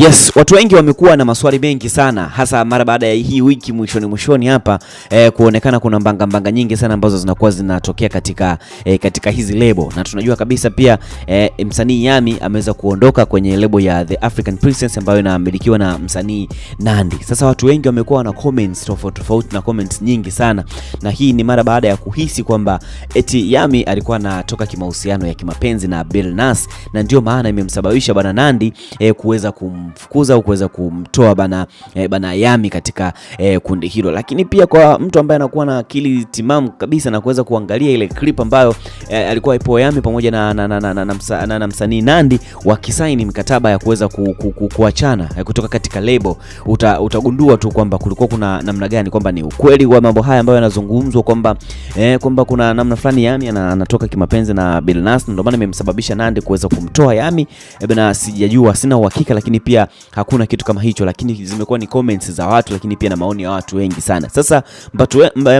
Yes, watu wengi wamekuwa na maswali mengi sana hasa mara baada ya hii wiki mwishoni mwishoni hapa eh, kuonekana kuna mbanga mbanga nyingi sana ambazo zinakuwa zinatokea katika, eh, katika hizi lebo na tunajua kabisa pia eh, msanii Yami ameweza kuondoka kwenye lebo ya The African Princess ambayo inamilikiwa na msanii nandi Sasa watu wengi wamekuwa na comments tofauti tofauti na comments nyingi sana na hii ni mara baada ya kuhisi kwamba eti Yami alikuwa anatoka kimahusiano ya kimapenzi na Bill na ndio maana imemsababisha bwana Nandi eh, kuweza kum kumfukuza au kuweza kumtoa bana, e, bana Yami katika e, kundi hilo, lakini pia kwa mtu ambaye anakuwa na akili timamu kabisa na kuweza kuangalia ile clip ambayo e, alikuwa ipo Yami pamoja na, na, na, na, na, na, msa, na, na msanii Nandi wakisaini mkataba ya kuweza ku, ku, ku, kuachana kutoka katika lebo, uta, utagundua tu kwamba kulikuwa kuna namna gani, kwamba ni ukweli wa mambo haya ambayo yanazungumzwa kwamba e, kwamba kuna namna fulani Yami anatoka kimapenzi na Billnass, ndio maana imemsababisha Nandi kuweza kumtoa Yami e, bana, sijajua, sina uhakika, lakini pia pia hakuna kitu kama hicho, lakini zimekuwa ni comments za watu, lakini pia na maoni ya watu wengi sana. Sasa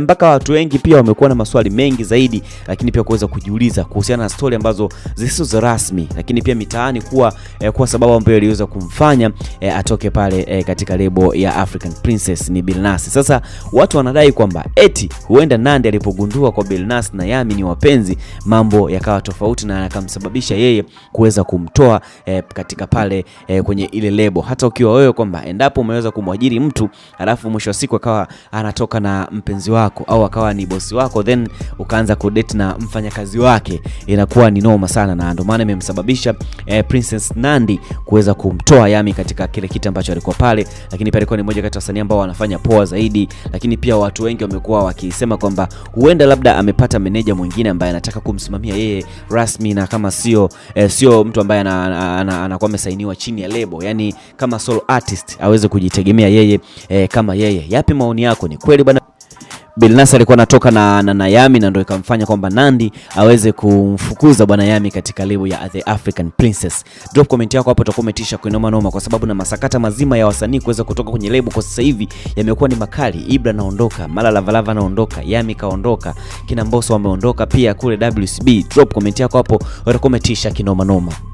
mpaka watu wengi pia wamekuwa na maswali mengi zaidi, lakini pia kuweza kujiuliza kuhusiana na story ambazo zisizo rasmi, lakini pia mitaani kuwa eh, kwa sababu ambayo iliweza kumfanya eh, atoke pale eh, katika lebo ya African Princess ni Billnass. Sasa watu wanadai kwamba eti huenda Nandy alipogundua kwa Billnass na Yami ni wapenzi, mambo yakawa tofauti na akamsababisha yeye kuweza kumtoa eh, katika pale eh, kwenye ile ile lebo, hata ukiwa wewe kwamba endapo umeweza kumwajiri mtu alafu mwisho wa siku akawa anatoka na mpenzi wako au akawa ni bosi wako, then ukaanza kudate na mfanyakazi wake, inakuwa ni noma sana, na ndio maana imemsababisha eh, Princess Nandi kuweza kumtoa Yami katika kile kitu ambacho alikuwa pale, lakini pia alikuwa ni mmoja kati ya wasanii ambao wanafanya poa zaidi, lakini pia watu wengi wamekuwa wakisema kwamba huenda labda amepata meneja mwingine ambaye anataka kumsimamia yeye rasmi na kama sio eh, sio mtu ambaye anakuwa ana, ana, ana, amesainiwa chini ya lebo yani yani kama solo artist aweze kujitegemea yeye e, kama yeye. Yapi maoni yako? Ni kweli bana Bilnas alikuwa anatoka na, na, na Yami na ndio ikamfanya kwamba Nandi aweze kumfukuza bwana Yami katika lebo ya The African Princess. Drop comment yako hapo, utakuwa umetisha kuinoma noma, kwa sababu na masakata mazima ya wasanii kuweza kutoka kwenye lebo kwa sasa hivi yamekuwa ni makali. Ibra naondoka, Mala Lavalava naondoka, Yami kaondoka, kina Mbosso wameondoka pia kule WCB. Drop comment yako hapo, utakuwa umetisha kinoma noma.